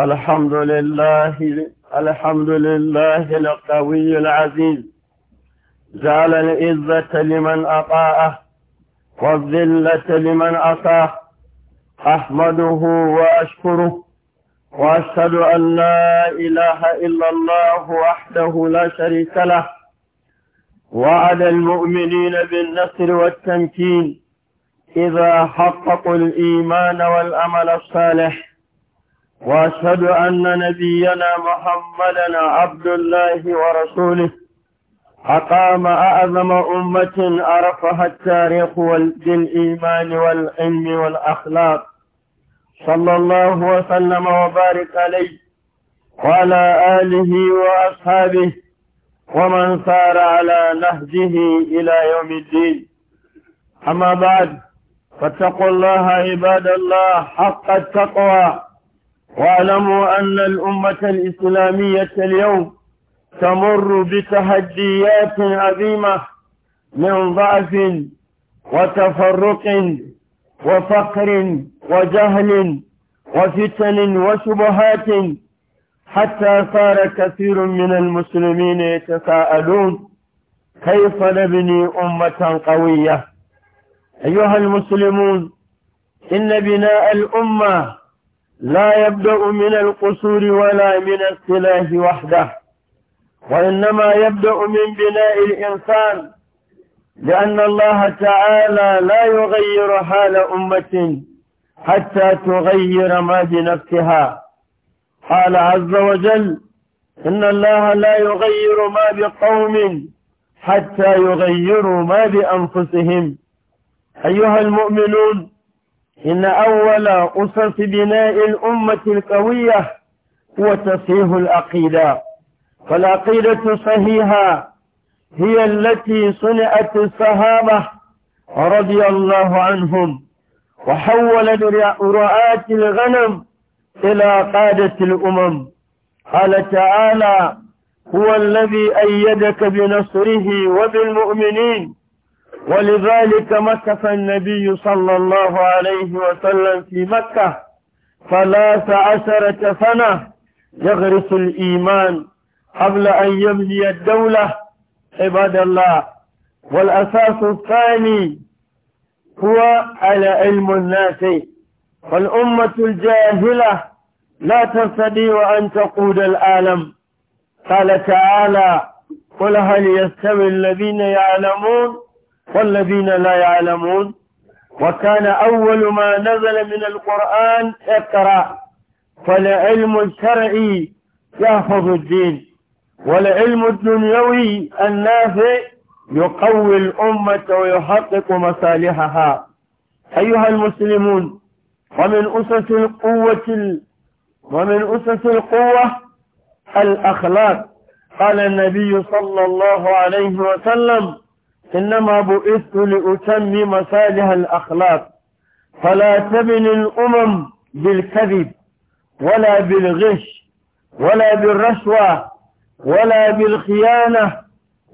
الحمد لله الحمد لله القوي العزيز جعل العزة لمن أطاعه والذلة لمن أطاه أحمده وأشكره وأشهد أن لا إله إلا الله وحده لا شريك له وعلى المؤمنين بالنصر والتمكين إذا حققوا الإيمان والأمل الصالح وأشهد أن نبينا محمدا عبد الله ورسوله أقام أعظم أمة عرفها التاريخ بالإيمان والعلم والأخلاق صلى الله وسلم وبارك عليه وعلى آله وأصحابه ومن سار على نهجه إلى يوم الدين أما بعد فاتقوا الله عباد الله حق التقوى واعلموا أن الأمة الإسلامية اليوم تمر بتحديات عظيمة من ضعف وتفرق وفقر وجهل وفتن وشبهات حتى صار كثير من المسلمين يتساءلون كيف نبني أمة قوية أيها المسلمون إن بناء الأمة لا يبدأ من القصور ولا من السلاح وحده وإنما يبدأ من بناء الإنسان لأن الله تعالى لا يغير حال أمة حتى تغير ما بنفسها قال عز وجل إن الله لا يغير ما بقوم حتى يغيروا ما بأنفسهم أيها المؤمنون إن أول أسس بناء الأمة القوية هو تصحيح العقيدة فالعقيدة صحيحة هي التي صنعت الصحابة رضي الله عنهم وحولت رعاة الغنم إلى قادة الأمم قال تعالى هو الذي أيدك بنصره وبالمؤمنين ولذلك مكث النبي صلى الله عليه وسلم في مكة ثلاث عشرة سنة يغرس الإيمان قبل أن يبني الدولة عباد الله والأساس الثاني هو على علم الناس والأمة الجاهلة لا تستطيع أن تقود العالم قال تعالى قل هل يستوي الذين يعلمون والذين لا يعلمون وكان أول ما نزل من القرآن اقرأ فلعلم الشرعي يحفظ الدين والعلم الدنيوي النافع يقوي الأمة ويحقق مصالحها أيها المسلمون ومن أسس القوة ال... ومن أسس القوة الأخلاق قال النبي صلى الله عليه وسلم إنما بعثت لأتمم صالح الأخلاق فلا تبن الأمم بالكذب ولا بالغش ولا بالرشوة ولا بالخيانة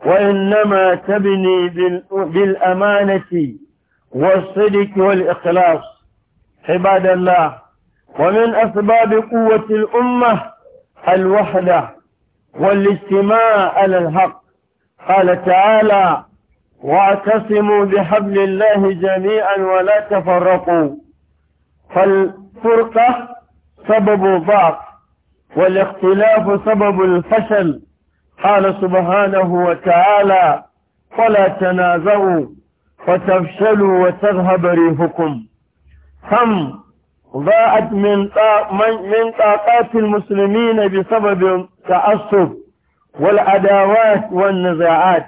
وإنما تبني بالأمانة والصدق والإخلاص عباد الله ومن أسباب قوة الأمة الوحدة والاجتماع على الحق قال تعالى واعتصموا بحبل الله جميعا ولا تفرقوا فالفرقة سبب ضعف والاختلاف سبب الفشل قال سبحانه وتعالى فلا تنازعوا فتفشلوا وتذهب ريحكم هم ضاعت من من طاقات المسلمين بسبب التعصب والعداوات والنزاعات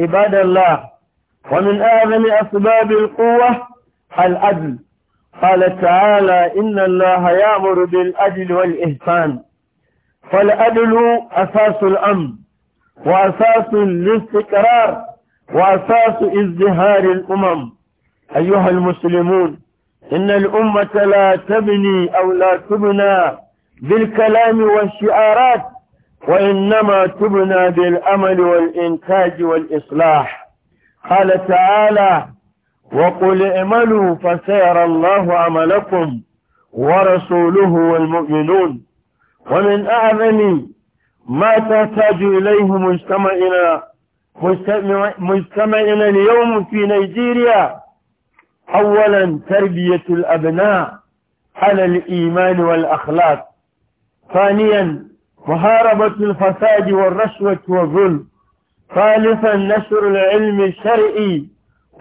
عباد الله ومن أعظم أسباب القوة العدل قال تعالى إن الله يأمر بالعدل والإحسان فالعدل أساس الأمن وأساس الاستقرار وأساس ازدهار الأمم أيها المسلمون إن الأمة لا تبني أو لا تبنى بالكلام والشعارات وإنما تبنى بالأمل والإنتاج والإصلاح قال تعالى وقل اعملوا فسيرى الله عملكم ورسوله والمؤمنون ومن أعظم ما تحتاج إليه مجتمعنا مجتمعنا اليوم في نيجيريا أولا تربية الأبناء على الإيمان والأخلاق ثانيا محاربة الفساد والرشوة والظلم ثالثا نشر العلم الشرعي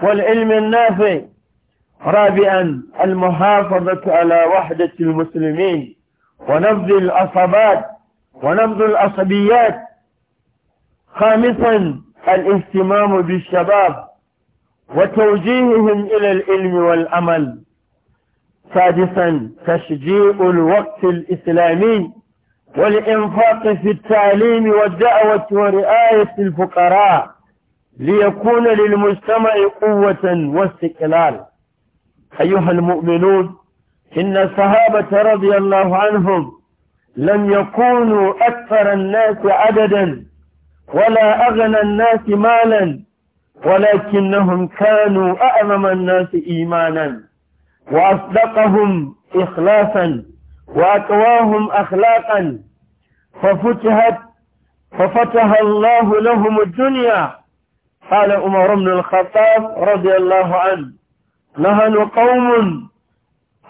والعلم النافع رابعا المحافظة على وحدة المسلمين ونبذ الأصابات ونبذ الأصبيات خامسا الاهتمام بالشباب وتوجيههم إلى العلم والأمل سادسا تشجيع الوقت الإسلامي والإنفاق في التعليم والدعوة ورعاية الفقراء ليكون للمجتمع قوة واستقلال أيها المؤمنون إن الصحابة رضي الله عنهم لم يكونوا أكثر الناس عددا ولا أغنى الناس مالا ولكنهم كانوا أعظم الناس إيمانا وأصدقهم إخلاصا وأقواهم أخلاقا ففتحت ففتح الله لهم الدنيا قال عمر بن الخطاب رضي الله عنه نهن قوم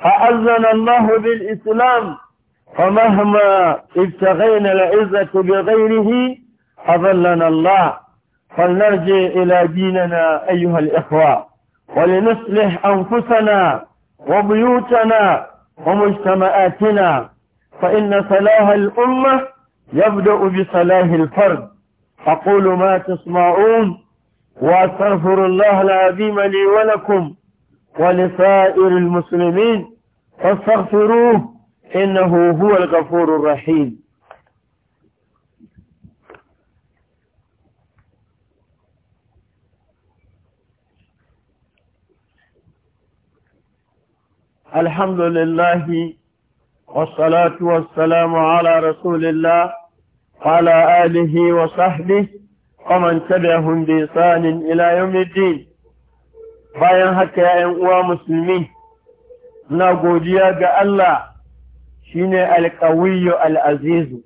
فأذن الله بالإسلام فمهما ابتغينا العزة بغيره أظلنا الله فلنرجع إلى ديننا أيها الإخوة ولنصلح أنفسنا وبيوتنا ومجتمعاتنا فإن صلاح الأمة يبدأ بصلاح الفرد أقول ما تسمعون وأستغفر الله العظيم لي ولكم ولسائر المسلمين فاستغفروه إنه هو الغفور الرحيم الحمد لله والصلاة والسلام على رسول الله وعلى آله وصحبه ومن تبعهم بإحسان إلى يوم الدين bayan haka ‘ya'yan uwa musulmi na godiya ga Allah shi ne alƙawiyyo al'azizu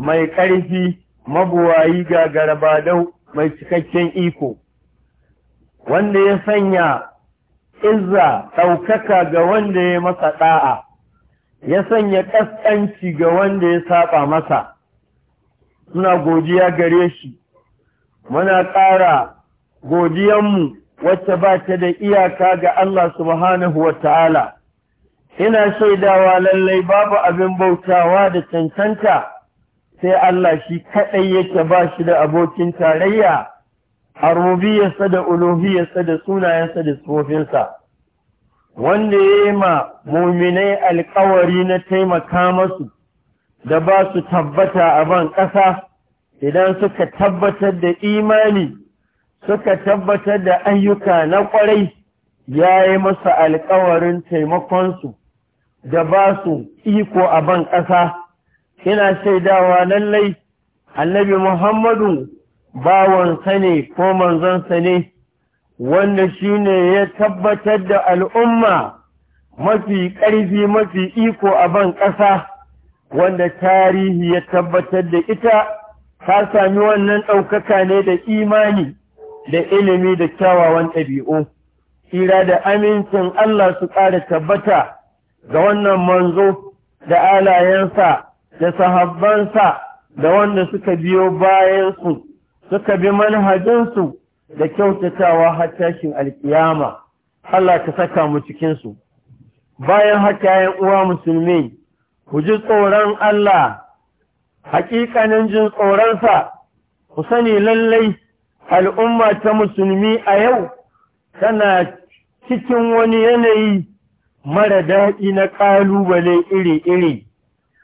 mai ƙarfi mabuwayi ga Garba garabadau mai cikakken iko wanda ya sanya izza ɗaukaka ga wanda ya masa ɗa'a ya sanya ƙasƙanci ga wanda ya saba masa suna godiya gare shi muna ƙara godiyanmu wacce ba ta da iyaka ga Allah subhanahu wa ta'ala ina shaidawa lallai babu abin bautawa da cancanta sai Allah shi kaɗai yake ba shi da abokin tarayya a rubiyarsa da uluhiyarsa da sunayensa da tsofinsa wanda ya yi ma muminai alkawari na taimaka masu da ba su tabbata a ban ƙasa idan suka tabbatar da imani suka tabbatar da ayyuka na ƙwarai ya yi masa alkawarin taimakonsu da ba su iko a ban ƙasa ina shaidawa lallai annabi muhammadu bawansa ne ko manzonsa ne wanda shine ya tabbatar da al'umma mafi ƙarfi mafi iko a ban ƙasa wanda tarihi ya tabbatar da ita ta sami wannan ɗaukaka ne da imani da ilimi da kyawawan ɗabi'u tsira da amincin Allah su ƙara tabbata ga wannan manzo da alayensa da sahabbansa da wanda suka biyo bayansu suka bi manhajinsu da kyautatawa har tashin alkiyama Allah ka saka mu cikin su bayan haka ‘yan uwa musulmi ku ji tsoron Allah hakikanin jin sa, ku sani lallai al'umma ta musulmi a yau tana cikin wani yanayi mara daɗi na ƙalubale iri-iri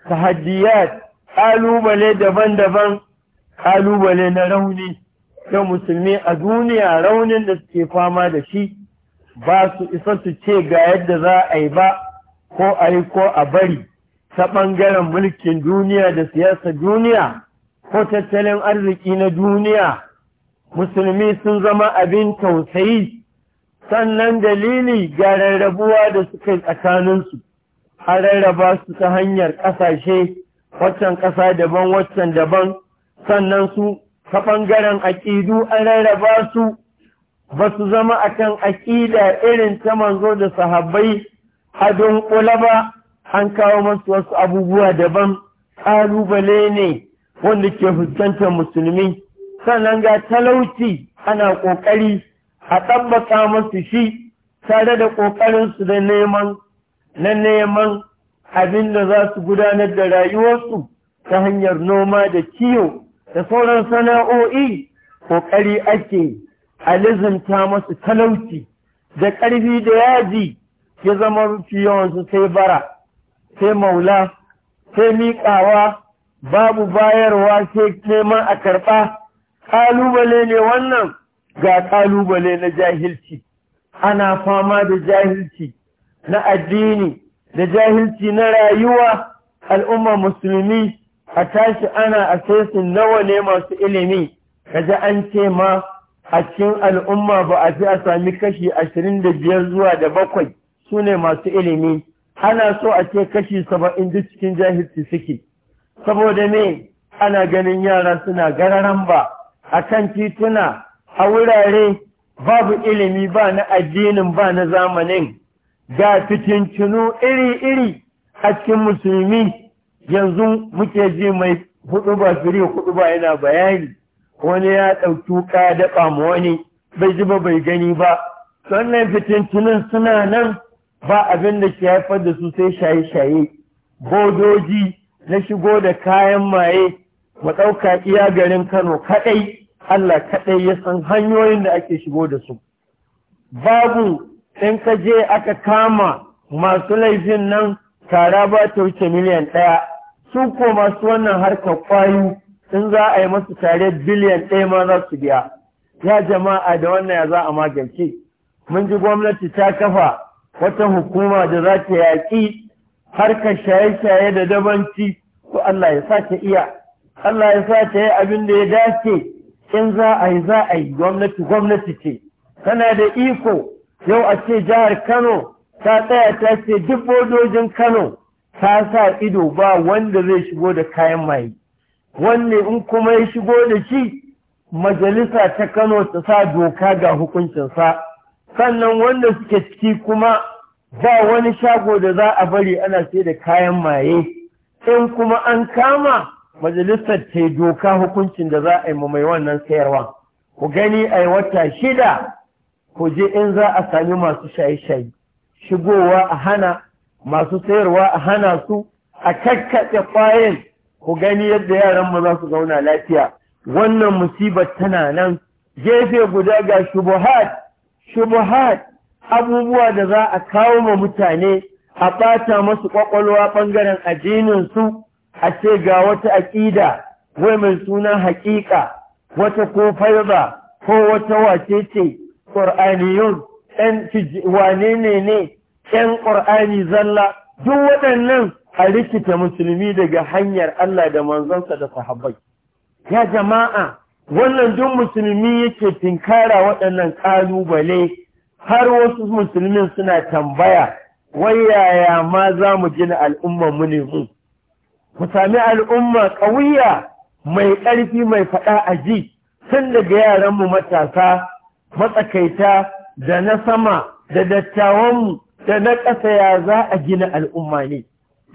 tahaddiyat ƙalubale daban-daban ƙalubale na rauni yau musulmi a duniya raunin da suke fama da shi ba su isa su ce ga yadda za a yi ba ko a yi ko a bari ta ɓangaren mulkin duniya da siyasa duniya ko tattalin arziki na duniya musulmi sun zama abin tausayi sannan dalili ga rarrabuwa da suka yi tsakaninsu a rarraba su ta hanyar ƙasashe waccan ƙasa daban waccan daban sannan su ta ɓangaren aƙidu an rarraba su ba su zama a akan aƙida irin ta manzo da sahabbai a ƙula ba an kawo masu wasu abubuwa daban ƙalubale ne wanda ke fuskantar musulmi sannan ga talauci ana ƙoƙari a ɗabbaka masu shi tare da ƙoƙarinsu da neman na neman abin da za su gudanar da rayuwarsu ta hanyar noma da kiwo da sauran sana'o'i ƙoƙari ake a masu talauci da ƙarfi da yaji ya zama rufi yawansu sai bara sai maula sai miƙawa babu bayarwa sai neman a karɓa ƙalubale ne wannan ga ƙalubale na jahilci ana fama da jahilci na addini da jahilci na rayuwa al'umma musulmi a tashi ana asesin nawa ne masu ilimi kaji an ce ma a cikin al'umma ba a fi a sami kashi ashirin da biyar zuwa da bakwai su ne masu ilimi ana so a ce kashi saba'in duk cikin jahilci suke saboda me ana ganin yara suna gararan ba a kan tituna a wurare babu ilimi ba na addinin ba na zamanin ga fitincinu iri-iri a cikin musulmi yanzu muke ji mai hudu ba firi hudu ba yana bayani wani ya ɗauki ka daɓa ma wani bai ji ba bai gani ba sannan fitintunan suna nan ba abin da ke haifar da su sai shaye-shaye bodoji na shigo da kayan maye mu ɗauka iya garin kano kaɗai allah kaɗai ya san hanyoyin da ake shigo da su babu in ka je aka kama masu laifin nan tara ba ta wuce miliyan ɗaya su ko masu wannan harkar kwayu in za a yi masu tare biliyan ɗaya ma za su biya ya jama'a da wannan ya za a magance mun ji gwamnati ta kafa wata hukuma da za ta yaƙi harkar shaye-shaye da dabanci ko Allah ya sa ta iya Allah ya sa ta yi abin da ya dace in za a yi za a yi gwamnati gwamnati ce tana da iko yau a ce jihar Kano ta tsaya ta ce duk bodojin Kano ta sa ido ba wanda zai shigo da kayan maye wanne in kuma ya shigo da shi majalisa ta kano ta sa doka ga hukuncinsa sannan wanda suke ciki kuma ba wani shago da za a bari ana sai da kayan maye in kuma an kama majalisar ta doka hukuncin da za a yi mai wannan sayarwa ku gani a yi wata shida ku je in za a sami masu shaye-shaye shigowa a hana masu sayarwa a hana su a kakkace kwayan ku gani yadda yaran mu za su zauna lafiya wannan musibar tana nan gefe guda ga shubuhat shubuhat abubuwa da za a kawo ma mutane a ɓata masu ƙwaƙwalwa ɓangaren addininsu a ce ga wata aƙida wai mai suna haƙiƙa wata ko faiba, ko wata wace ce ƙur'aniyun ɗan wane ne ne ‘yan ƙur'ani zalla duk waɗannan a rikita musulmi daga hanyar Allah da manzansa da sahabbai. Ya jama'a, wannan duk musulmi yake tinkara waɗannan ƙalubale har wasu musulmin suna tambaya, wai yaya ma za mu gina al'umma mu ne mu. Ku sami al'umma ƙauya mai ƙarfi mai faɗa a ji, tun daga yaranmu matasa, matsakaita da na sama da dattawanmu da na ƙasa ya za a gina al'umma ne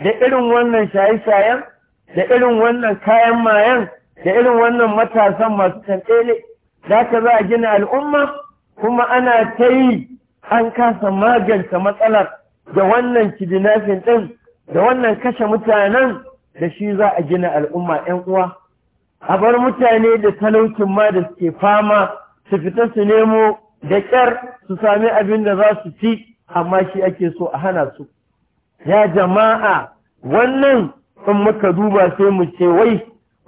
da irin wannan shaye-shayen da irin wannan kayan mayan da irin wannan matasan masu tantsele za ka za a gina al'umma kuma ana ta yi an kasa magance matsalar da wannan kidinafin ɗin da wannan kashe mutanen da shi za a gina al'umma ‘yan uwa a bar mutane da talaucin ma da suke fama su fita su nemo da ƙyar su sami abin da za su ci amma shi ake so a hana su ya jama'a wannan in muka duba sai mu ce wai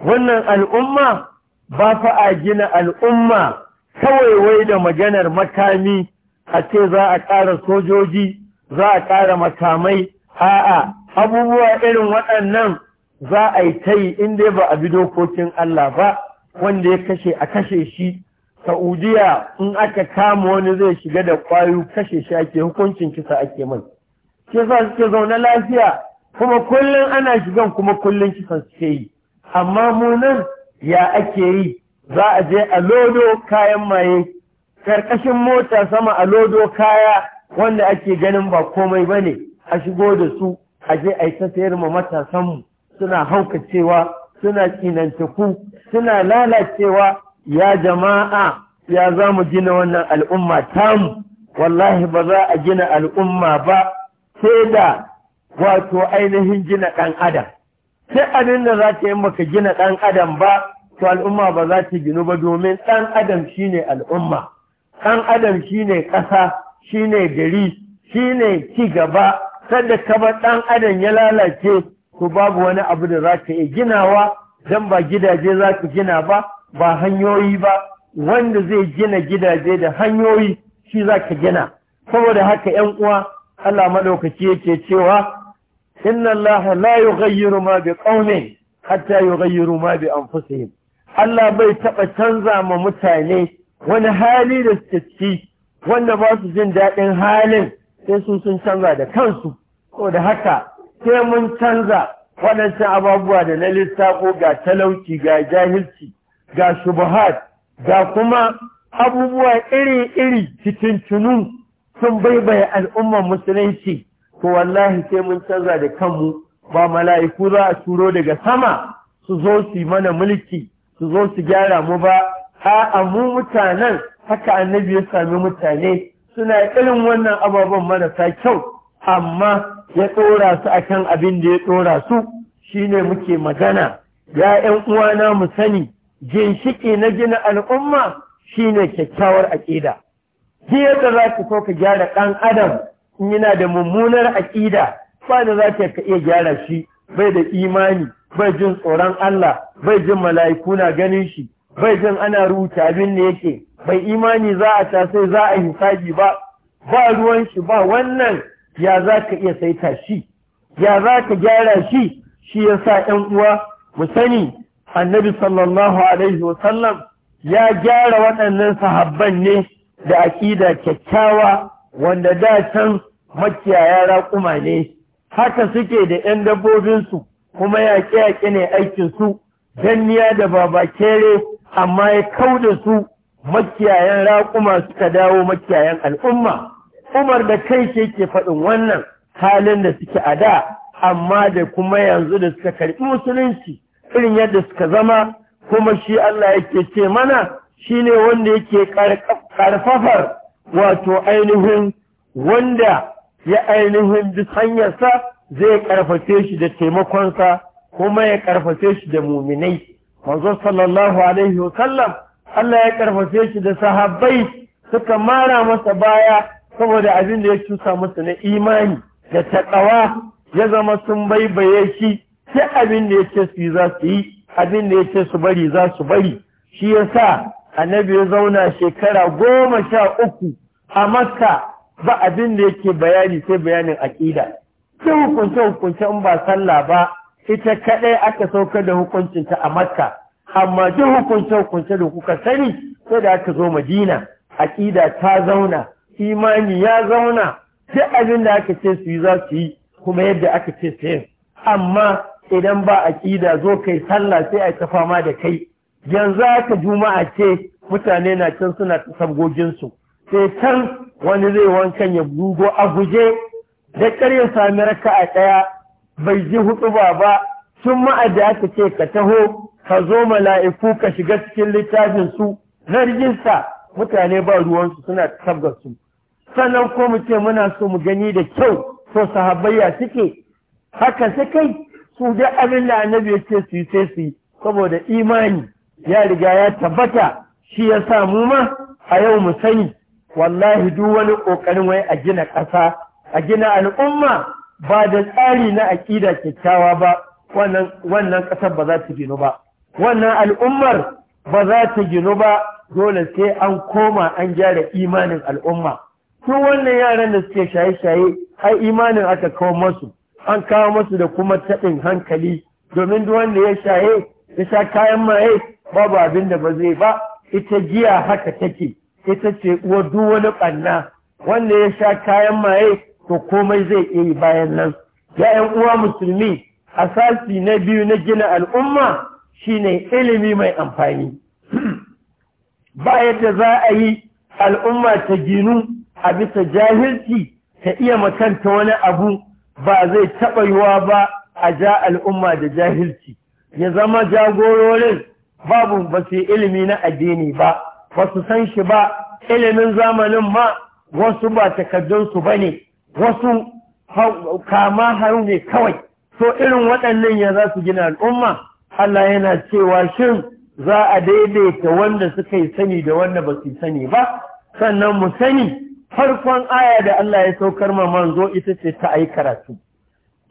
wannan al'umma ba fa a gina al'umma kawai wai da maganar makami a ce za a ƙara sojoji za a ƙara makamai a'a abubuwa irin waɗannan za a yi ta yi in dai ba a bi dokokin Allah ba wanda ya kashe a kashe shi saudiya in aka kama wani zai shiga da ƙwayo kashe shi ake hukuncin kisa ake mai kisa suke zaune lafiya kuma kullum ana shigan kuma kullum kisan suke yi amma mu nan ya ake yi za a je a lodo kayan maye ƙarƙashin mota sama a lodo kaya wanda ake ganin ba komai ba ne a shigo da su a je a yi ta sayar ma matasanmu suna haukacewa suna tsinantaku suna lalacewa ya jama'a ya za mu gina wannan al'umma tamu wallahi ba za a gina al'umma ba sai da wato ainihin gina ɗan adam sai abin da za ta yi maka gina ɗan adam ba to al'umma ba za ta ginu ba domin ɗan adam shine al'umma ɗan adam shine ƙasa shine gari shine ci gaba sadda ka bar ɗan adam ya lalace ko babu wani abu da za ka iya ginawa dan ba gidaje za ka gina ba ba hanyoyi ba wanda zai gina gidaje da hanyoyi shi za ka gina saboda haka ‘yan uwa Allah maɗaukaci yake cewa inna Allah la yughayyiru ma bi qaumin hatta yughayyiru ma bi anfusihim Allah bai taɓa canza ma mutane wani hali da suke ci wanda ba su jin daɗin halin sai su sun canza da kansu ko da haka sai mun canza waɗancan abubuwa da na lissafo ga talauci ga jahilci ga shubuhat ga kuma abubuwa iri-iri cikin tunu sun baibaye al'umman musulunci to wallahi sai mun canza da kanmu ba mala'iku za a turo daga sama su zo su mana mulki su zo su gyara mu ba a'a mu mutanen haka annabi ya sami mutane suna irin wannan ababen marasa kyau amma ya tsora su akan abin da ya tsora su shine muke magana ya 'yan uwana mu sani Ginshiƙi na gina al'umma shine kyakkyawar aƙida Jiya da za ka so ka gyara ɗan adam in yana da mummunar aƙida ba da za ka iya gyara shi bai da imani bai jin tsoron Allah bai jin mala'iku na ganin shi bai jin ana rubuta abin da yake bai imani za a ta sai za a hisabi ba ba ruwan shi ba wannan ya za ka iya saita shi ya za ka gyara shi shi yasa 'yan uwa mu sani annabi sallallahu alaihi wasallam ya gyara waɗannan sahabban ne da aƙida kyakkyawa wanda da can makiyaya raƙuma ne haka suke da 'yan dabbobinsu kuma yaƙe-yaƙe ne aikinsu danniya da babakere amma ya kau da su makiyayan raƙuma suka dawo makiyayan al'umma umar da kai ke ke faɗin wannan halin da suke a da amma da kuma yanzu da suka karɓi musulunci irin yadda suka zama kuma shi Allah yake ce mana shi ne wanda yake ƙarfafar wato ainihin wanda ya ainihin duk hanyarsa zai ƙarfafe shi da taimakonsa kuma ya ƙarfafe shi da muminai manzo sallallahu alaihi wasallam Allah ya ƙarfafe shi da sahabbai suka mara masa baya saboda abin da ya cusa masa na imani da taƙawa ya zama sun baibaye shi sai abin da ya ce su yi za su yi abin da ya su bari za su bari shi ya sa annabi ya zauna shekara goma sha uku a makka ba abin da yake bayani sai bayanin aƙida sai hukunce hukunce in ba sallah ba ita kaɗai aka saukar da hukuncinta a makka amma duk hukunce hukunce da kuka sani sai da aka zo madina aƙida ta zauna imani ya zauna duk abin da aka ce su yi za su yi kuma yadda aka ce su yi amma idan ba a ƙida zo kai sallah sai a ta fama da kai yanzu haka juma'a ce mutane na can suna ta sabgoginsu sai can wani zai wankan ya gugo a guje da ƙarya sami raka a ɗaya bai ji hudu ba ba sun da aka ce ka taho ka zo mala'iku ka shiga cikin littafin su na rijista mutane ba ruwansu suna ta sabgarsu sannan ko mu ce muna so mu gani da kyau so sahabbaiya suke haka sai kai su da abin da annabi ya ce su yi sai su yi saboda imani ya riga ya tabbata shi ya sa mu ma a yau mu sani wallahi duk wani ƙoƙarin wai a gina ƙasa a gina al'umma ba da tsari na aƙida kyakkyawa ba wannan ƙasar ba za ta ginu ba wannan al'ummar ba za ta ginu ba dole sai an koma an gyara imanin al'umma Tun wannan yaran da suke shaye-shaye ai imanin aka kawo masu an kawo masu da kuma taɗin hankali domin duk wanda ya shaye eh, ya sha kayan maye eh, babu abin da ba zai ba ita giya haka take ita ce uwa duk wani ɓanna wanda ya sha kayan maye eh, to komai zai iya yi bayan nan ya yan uwa musulmi a sasi na biyu na gina al'umma shine ilimi mai amfani ba yadda za a yi al'umma ta ginu a bisa jahilci ta iya makanta wani abu ba zai taɓa yiwa ba a ja al'umma da jahilci ya zama jagororin babu ba su ilimi na addini ba ba su san shi ba ilimin zamanin ma wasu ba takardunsu ba ne wasu kama har ne kawai so irin waɗannan ya za su gina al'umma Allah yana cewa shin za a daidaita wanda suka yi sani da wanda ba su sani ba sannan mu sani farkon aya da Allah ya saukar ma manzo ita ce ta ai karatu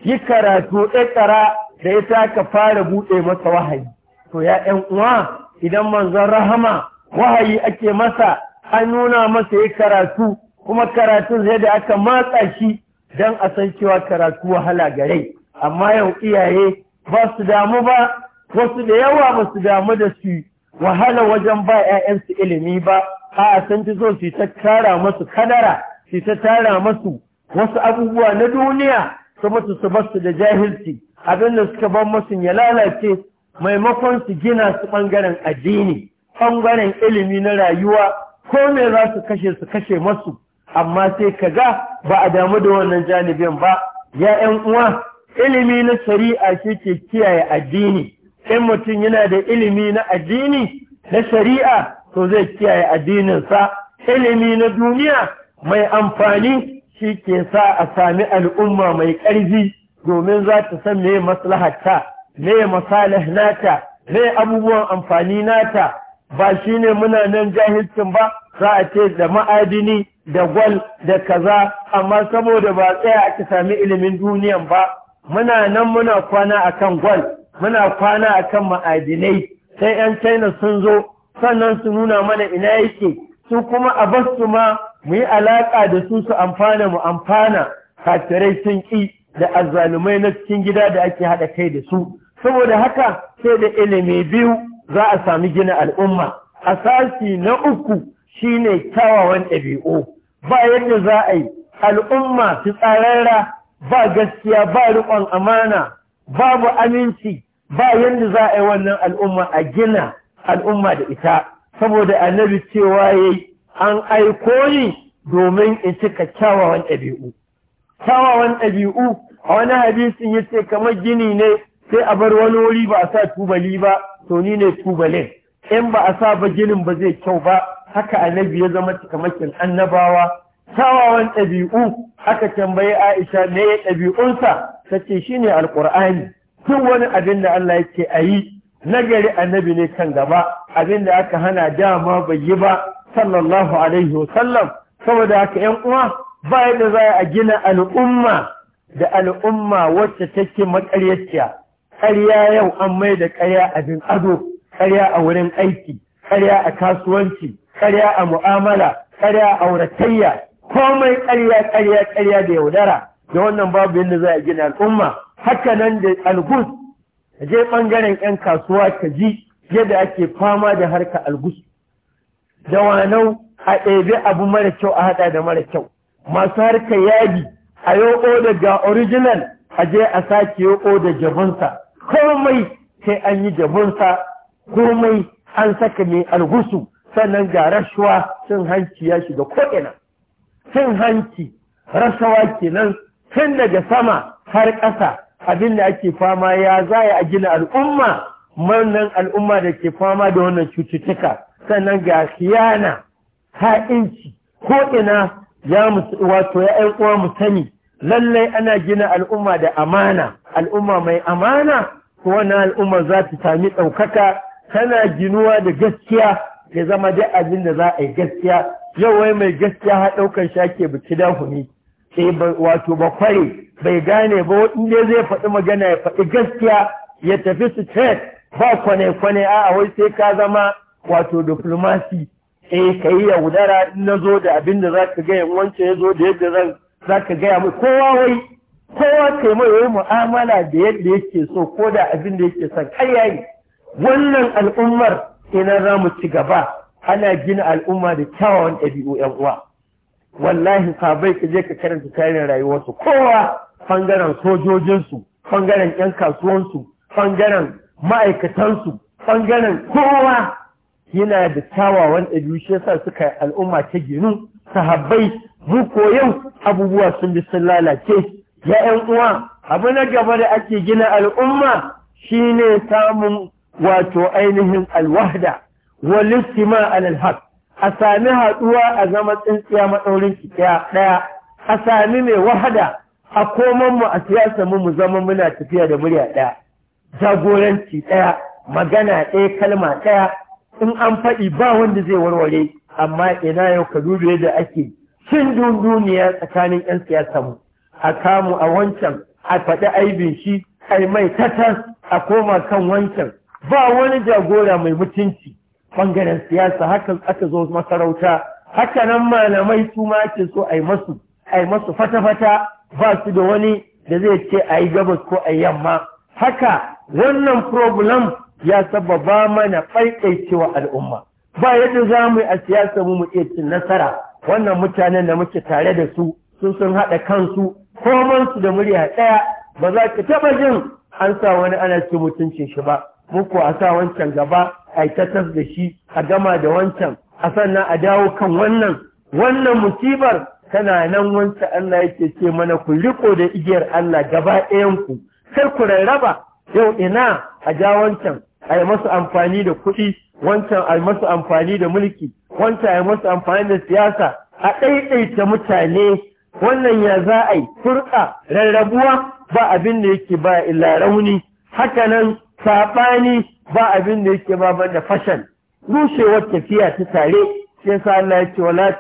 yi karatu ƙara da ita ka fara buɗe masa wahayi to ya ƴan uwa idan manzon rahama wahayi ake masa an nuna masa ya karatu kuma karatun zai da aka matsa shi don a san cewa karatu wahala ga gare amma yau iyaye ba su damu ba wasu da yawa ba su damu da su wahala wajen ba 'ya'yansu ilimi ba a san fi so su ta tara masu kadara su ta tara masu wasu abubuwa na duniya su mutu su basu da jahilci abinda suka ban masu ya lalace maimakon su gina su ɓangaren addini ɓangaren ilimi na rayuwa ko me za su kashe su kashe masu amma sai ka ga ba a damu da wannan janibin ba ya 'yan uwa ilimi na shari'a shi ke kiyaye addini in mutum yana da ilimi na addini na shari'a to zai kiyaye addininsa ilimi na duniya mai amfani shi ke sa a sami al'umma mai ƙarfi domin za ta san me maslahata, me masalih nata me abubuwan amfani nata ba shi ne muna nan jahilcin ba za a ce da ma'adini da gwal da kaza amma saboda ba tsaya aka sami ilimin duniyan ba muna nan muna kwana akan gwal muna kwana akan ma'adinai sai 'yan china sun zo sannan su nuna mana ina yake su kuma a basu ma mu yi alaƙa da su su amfana mu amfana kafirai sun ƙi da azzalumai na cikin gida da ake haɗa kai da su saboda haka sai da ilimi biyu za a sami gina al'umma asasi na uku shine kyawawan ɗabi'u ba yadda za a yi al'umma su tsararra ba gaskiya ba riƙon amana babu aminci ba yadda za a yi wannan al'umma a gina al'umma da ita saboda annabi cewa yayi an aiko ni domin in cika kyawawan ɗabi'u kyawawan ɗabi'u a wani hadisin ce kamar gini ne sai a bar wani wuri ba a sa tubali ba to ni ne tubalin in ba a sa ba ginin ba zai kyau ba haka annabi ya zama cikamakin annabawa kyawawan ɗabi'u aka tambayi Aisha ne ɗabi'unsa ta ce ne alƙur'ani duk wani abin da Allah yake a yi nagari annabi ne kan gaba abin da aka hana dama bai yi ba sallallahu alaihi wasallam saboda haka yan uwa ba yadda za a gina al'umma da al'umma wacce take makaryaciya ƙarya yau an mai da ƙarya abin ado ƙarya a wurin aiki ƙarya a kasuwanci ƙarya a mu'amala ƙarya a auratayya komai ƙarya ƙarya ƙarya da yaudara da wannan babu yadda za a gina al'umma haka nan da algus ka je ɓangaren 'yan kasuwa ka ji yadda ake fama da harka algusu da wanau a ɗebe abu mara kyau a haɗa da mara kyau masu harka yadi a yoko daga original a je a sake yoko da jabunsa komai sai an yi jabunsa komai an saka mai algusu sannan ga rashuwa cin hanci ya shiga ko'ina cin hanci rashawa kenan tun daga sama har ƙasa abin da ake fama ya za a gina al'umma wannan al'umma da ke fama da wannan cututtuka sannan ga khiyana ha'inci ko ina ya wato ya ƴan uwa mu sani lallai ana gina al'umma da amana al'umma mai amana ko al'umma za ta sami ɗaukaka tana ginuwa da gaskiya ya zama duk abin da za a yi gaskiya yau wai mai gaskiya ha ɗaukar shi ake biki dahuni sai wato ba kware bai gane ba inda zai faɗi magana ya faɗi gaskiya ya tafi su straight ba kwane-kwane a wai sai ka zama wato diplomasi E eh, ka yi yaudara in na zo da abin da za ka gaya wancan ya zo da yadda zan za ka gaya mai kowa wai kowa kai mai wai mu'amala da yadda yake so ko da abin da yake son kar yayi wannan al'ummar ina za mu ci gaba ana gina al'umma da kyawawan ɗabi'u 'yan uwa wallahi bai ka je ka karanta tarihin rayuwarsu kowa fangaren sojojinsu fangaren yan kasuwansu fangaren ma'aikatansu fangaren kowa yana da kyawawan ɗabi'u shi yasa suka al'umma ta ginu sahabbai mu ko yau abubuwa sun bi sun lalace ya yan uwa abu na gaba da ake gina al'umma shine samun wato ainihin alwahda wal istima' al haqq a sami haɗuwa a zama tsintsiya maɗaurin kiya ɗaya a sami mai wahada a koman mu a siyasa mu mu zama muna tafiya da murya ɗaya jagoranci ɗaya magana ɗaya kalma ɗaya in an faɗi ba wanda zai warware amma ina yau ka dubi yadda ake cin dunduniya tsakanin 'yan siyasa mu a kamu a wancan a faɗi aibin shi ai mai tatas a koma kan wancan ba wani jagora mai mutunci ɓangaren siyasa haka aka zo masarauta haka nan malamai su ma ake so a yi masu a yi masu fata-fata ba su da wani da zai ce a yi gabas ko a yamma haka wannan problem ya sababa mana cewa al'umma ba yadda za mu yi a siyasa mu iya cin nasara wannan mutanen da muke tare da su sun sun haɗa kansu komansu da murya ɗaya ba za ka taɓa jin an sa wani ana cin mutuncin shi ba muku a sa wancan gaba a yi tatas da shi a gama da wancan a sannan a dawo kan wannan wannan musibar tana nan wancan Allah yake ce mana ku riko da igiyar Allah gaba ɗayan ku sai ku rarraba yau ina a ja wancan a yi masu amfani da kuɗi wancan a yi masu amfani da mulki wancan a yi masu amfani da siyasa a ɗaiɗaita mutane wannan ya za a yi furka rarrabuwa ba abin da yake ba illa rauni nan. saɓani ba abin da yake ba banda fashan rushewar tafiya ta tare sai sa Allah yake wala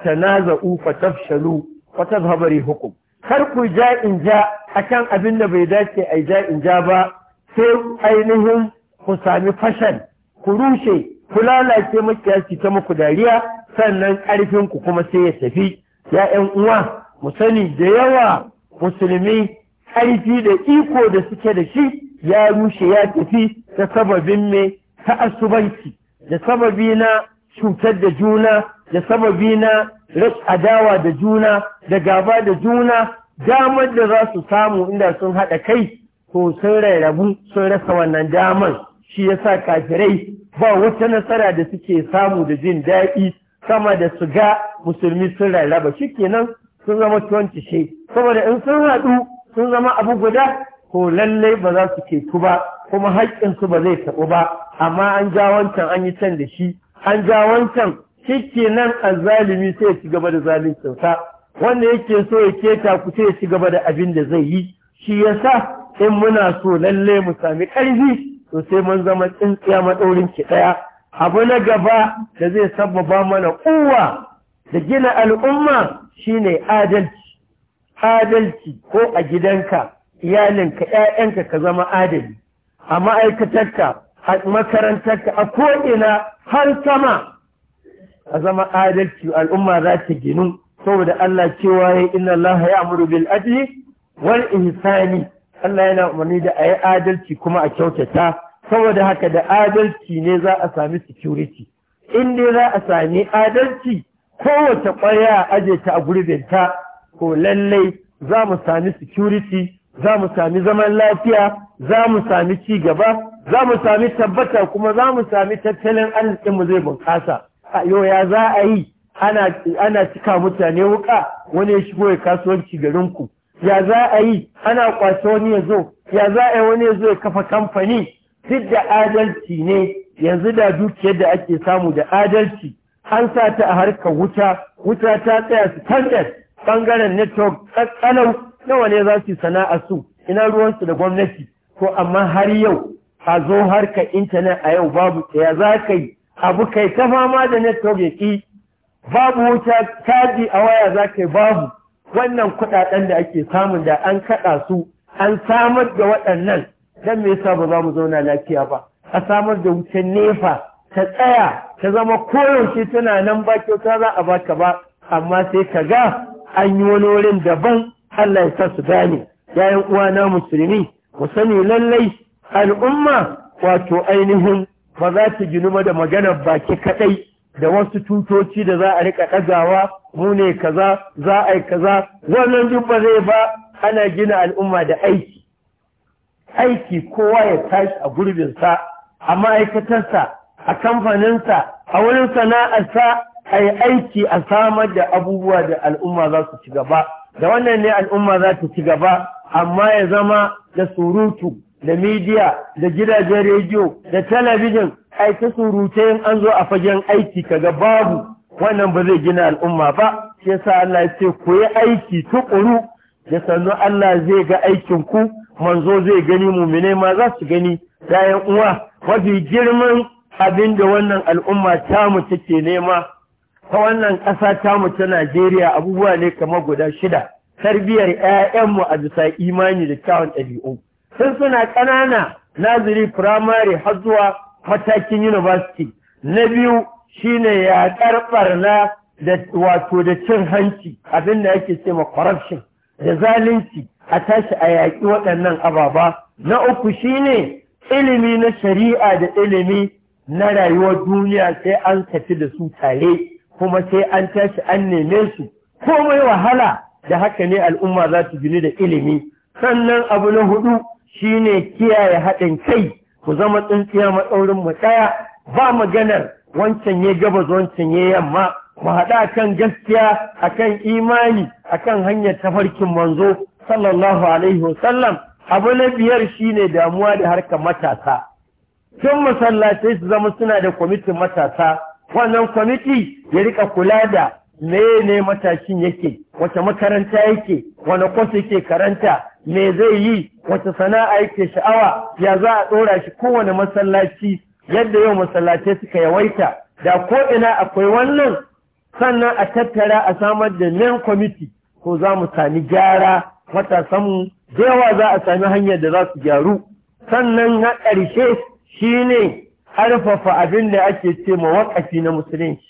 u fa tafshalu fa tadhhabu hukum kar ku ja in ja akan abin da bai dace ai ja in ja ba sai ainihin ku sami fashan ku rushe ku lalace makiyasi ta muku dariya sannan karfin ku kuma sai ya tafi ya ƴan uwa mu sani da yawa musulmi ƙarfi da iko da suke da shi ya rushe ya tafi ta sababin me ta'assubanci da sababi na cutar da juna da sababi na rashin adawa da juna da gaba da juna damar da za su samu inda sun haɗa kai to sun rairabu sun rasa wannan damar shi ya sa kafirai ba wata nasara da suke samu da jin daɗi sama da su ga musulmi sun rarraba shikenan sun zama tuwanci shi saboda in sun haɗu sun zama abu guda ko lallai ba za su ceto ba kuma haƙƙinsu ba zai taɓu ba amma an ja wancan an yi can da shi an ja wancan shi nan a zalimi sai ya ci gaba da zaluncinsa wanda yake so ya keta ku sai ya ci gaba da abin da zai yi shi ya sa in muna so lallai mu sami ƙarfi to sai mun zama tsintsiya maɗaurin ki ɗaya abu na gaba da zai sababa mana kowa da gina al'umma shine adalci adalci ko a gidanka iyalinka ‘ya'yanka ka zama adali a ma'aikatarka a makarantarka a ko'ina har sama a zama adalci al'umma za ta ginu saboda Allah cewa ya inna Allah ya amuru bil adli wal ihsani Allah yana umarni da a yi adalci kuma a kyautata saboda haka da adalci ne za a sami security in dai za a sami adalci kowace ƙwarya a aje ta a gurbinta ko lallai za mu sami security za mu sami zaman lafiya za mu sami ci gaba za mu sami tabbata kuma za mu sami tattalin arzikinmu zai bunƙasa yau ya za a yi ana cika mutane wuka wani ya shigo ya kasuwanci garinku ya za a yi ana kwasa wani ya zo ya za a yi wani ya zo ya kafa kamfani duk da adalci ne yanzu da dukiyar da ake samu da adalci an sa ta a harkar wuta wuta ta tsaya su standard ɓangaren network kankanau nawa ne za su sana'a su ina ruwansu da gwamnati Ko amma har yau a zo harka intanet a yau babu ya za ka yi abu kai ta fama da network ya ƙi babu wuta caji a waya za ka yi babu wannan kuɗaɗen da ake samun da an kaɗa su an samar da waɗannan don me yasa ba za mu zauna lafiya ba a samar da wutan nefa ta tsaya ta zama koyaushe tana nan ba kyauta za a baka ba amma sai ka ga an yi wani wurin daban Allah ya sasu su gane uwa uwana musulmi mu sani lallai al'umma wato ainihin ba za ta ginuma da maganar baki kadai da wasu tutoci da za a rika ɗagawa mu ne kaza za a yi kaza wannan duk ba zai ba ana gina al'umma da aiki aiki kowa ya tashi a gurbinsa a ma'aikatarsa a kamfaninsa a wurin sana'arsa a yi aiki a samar da abubuwa da al'umma za su ci gaba da wannan ne al'umma za ta ci gaba amma ya zama da surutu da midiya da gidajen rediyo da talabijin ai ta surute in an zo a fagen aiki kaga babu wannan ba zai gina al'umma ba shi yasa Allah ya ce ku yi aiki tukuru da sannu Allah zai ga aikin ku manzo zai gani mumine ma za su gani yayan uwa mafi girman abin da wannan al'umma tamu take nema ta wannan ƙasa mu ta Najeriya abubuwa ne kamar guda shida tarbiyyar 'ya'yanmu a bisa imani da kyawun ɗabi'u sun suna ƙanana naziri firamare har zuwa matakin university na biyu shine yaƙar na da wato da cin hanci abin da yake ce ma corruption da zalunci a tashi a yaƙi waɗannan ababa na uku shine ilimi na shari'a da ilimi na rayuwar duniya sai an tafi da su tare kuma sai an tashi an neme su komai wahala da haka ne al'umma za su gini da ilimi sannan abu na hudu shine kiyaye haɗin kai ku zama tsintsiya matsaurin mu ɗaya ba maganar wancan ya gabas wancan ya yamma mu haɗa kan gaskiya akan imani akan hanyar tafarkin manzo sallallahu alaihi wasallam abu na biyar shine damuwa da harkar matasa tun masallatai su zama suna da kwamitin matasa wannan kwamiti ya rika kula da mene matashin yake wace makaranta yake wani kwas yake karanta me zai yi wace sana'a yake sha'awa ya za a ɗora shi kowane masallaci yadda yau masallatai suka yawaita da ko'ina akwai wannan sannan a tattara a samar da main kwamiti ko za mu sami gyara matasanmu da yawa za a sami hanyar da za su gyaru sannan na ƙarshe shine ƙarfafa abin da ake ce ma waƙafi na musulunci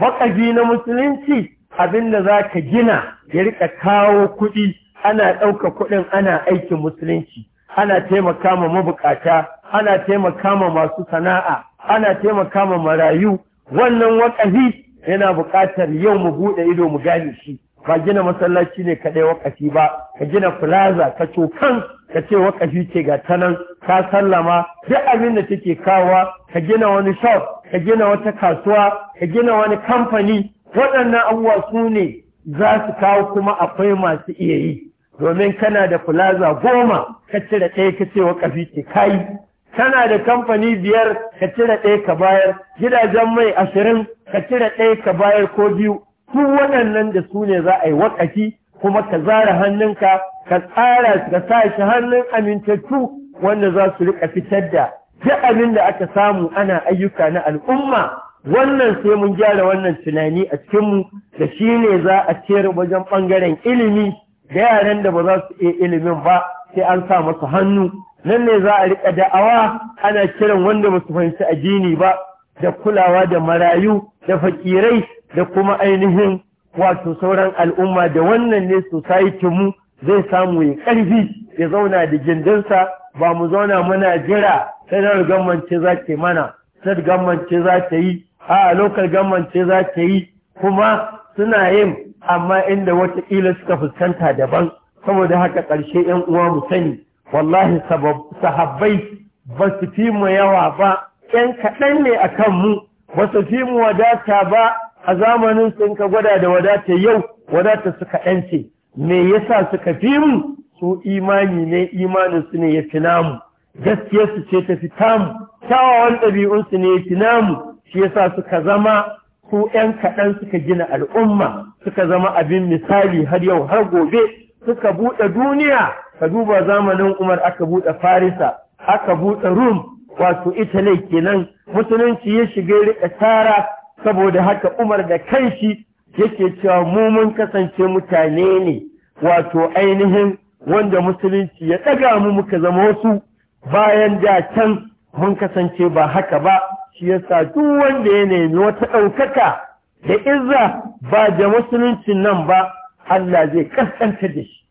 waƙafi na musulunci abin da za ka gina ya riƙa kawo kuɗi ana ɗauka kuɗin ana aikin musulunci ana taimaka ma mabukata ana taimaka ma masu sana'a ana taimaka ma marayu wannan waƙafi yana buƙatar yau mu buɗe ido mu gane shi ba gina masallaci ne kaɗai wakafi ba ka gina plaza ka cokan ka ce wakafi ce ga ta nan ka sallama duk abin da take kawowa. ka gina wani shop ka gina wata kasuwa ka gina wani kamfani waɗannan abubuwa su ne za su kawo kuma akwai masu iya yi domin kana da plaza goma ka cire ɗaya ka ce wakafi ce ka yi. kana da kamfani biyar ka cire ɗaya ka bayar gidajen mai ashirin ka cire ɗaya ka bayar ko biyu su waɗannan da su ne za a yi wakati kuma ka zara hannunka ka tsara ka sa shi hannun amintattu wanda za su rika fitar da duk abin da aka samu ana ayyuka na al'umma wannan sai mun gyara wannan tunani a cikinmu da shi ne za a ciyar wajen ɓangaren ilimi da yaran da ba za su iya ilimin ba sai an sa masu hannu nan ne za a riƙa da'awa ana kiran wanda ba su fahimci addini ba da kulawa da marayu da fakirai da kuma ainihin wato sauran al'umma da wannan ne society mu zai samu ya ƙarfi ya zauna da gindinsa ba mu zauna muna jira sanar gammance za ta mana sanar gammance za ta yi a lokal gammance za ta yi kuma suna yin amma inda watakila suka fuskanta daban saboda haka ƙarshe ‘yan uwa mu sani wallahi sahabbai ba su fi mu yawa ba ‘yan kaɗan ne a mu ba su fi mu wadata ba a zamanin sun ka gwada da wadata yau wadata suka ɗance me yasa suka fi mu su imani ne imanin su ne ya fi namu gaskiyar su ce ta fi tamu kyawawan ɗabi'un su ne ya fi namu shi yasa suka zama su ƴan kaɗan suka gina al'umma suka zama abin misali har yau har gobe suka buɗe duniya ka duba zamanin umar aka buɗe farisa aka buɗe rum wato italy kenan musulunci ya shiga rika tara saboda haka umar da kanshi yake cewa mu mun kasance mutane ne wato ainihin wanda musulunci ya ɗaga mu muka zama wasu bayan da can mun kasance ba haka ba shi yasa duk wanda ya nemi wata ɗaukaka da izza ba da musuluncin nan ba Allah zai kaskanta da shi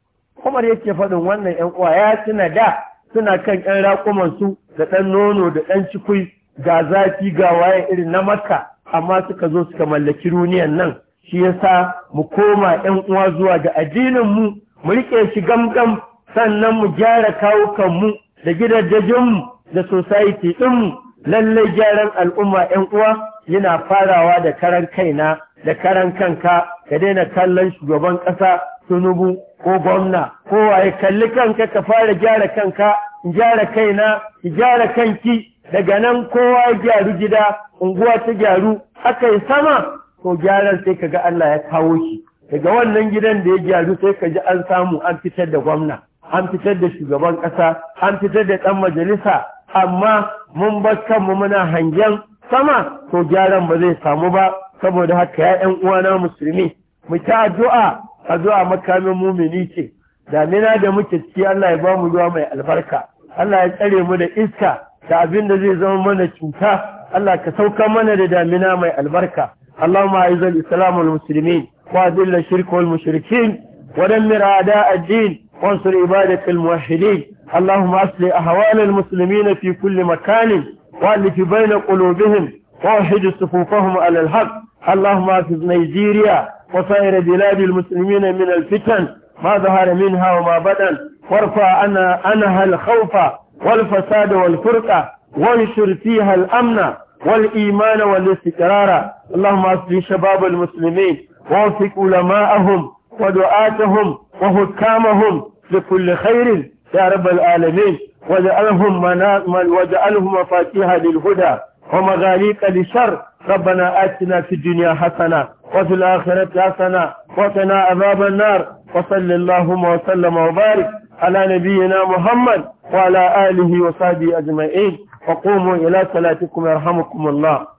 Umar yake faɗin wannan ‘yan uwa ya tuna da suna kan ‘yan raƙumansu da ɗan nono da ɗan cikui ga zafi ga waye irin na makka amma suka zo suka mallaki duniyan nan shi yasa mu koma ƴan uwa zuwa ga addinin mu mu rike shi gamgam sannan mu gyara kawukan mu da gidajen mu da society din mu lallai gyaran al'umma ƴan uwa yana farawa da karan kaina da karan kanka ka daina kallon shugaban ƙasa tunubu ko gwamna ko waye kalli kanka ka fara gyara kanka in gyara kaina gyara kanki daga nan kowa ya gyaru gida unguwa ta gyaru aka yi sama to gyaran sai ka ga Allah ya kawo shi daga wannan gidan da ya gyaru sai kaji an samu an fitar da gwamna an fitar da shugaban ƙasa an fitar da ɗan majalisa amma mun bar kanmu muna hangen sama to gyaran ba zai samu ba saboda haka ya 'yan uwana musulmi mu ta addu'a addu'a makamin mumini ce damina da muke ciki Allah ya ba mu ruwa mai albarka Allah ya tsare mu da iska da abin da zai zama mana cuta Allah ka sauka mana da damina mai albarka Allahumma aizal islam wal muslimin wa dhilla shirk wal mushrikin wa dammir a'da ad-din wa ansur ibadak al muwahhidin Allahumma asli ahwal al muslimin fi kulli makan wa alif bayna qulubihim wa wahhid sufufahum ala al haqq Allahumma fi Nigeria wa sa'ir bilad al muslimin min al fitan ma dhahara minha ma badan warfa ana ana al khawfa والفساد والفرقة وانشر فيها الأمن والإيمان والاستقرار اللهم أصلي شباب المسلمين ووفق علماءهم ودعاتهم وحكامهم لكل خير يا رب العالمين واجعلهم مناقما واجعلهم مفاتيح للهدى ومغاليق للشر ربنا آتنا في الدنيا حسنة وفي الآخرة حسنة وقنا عذاب النار وصل اللهم وسلم وبارك على نبينا محمد وعلى آله وصحبه أجمعين وقوموا إلى صلاتكم يرحمكم الله